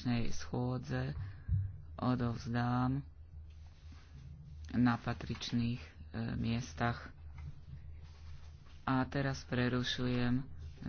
dnešnej schôdze odovzdám na patričných e, miestach. A teraz prerušujem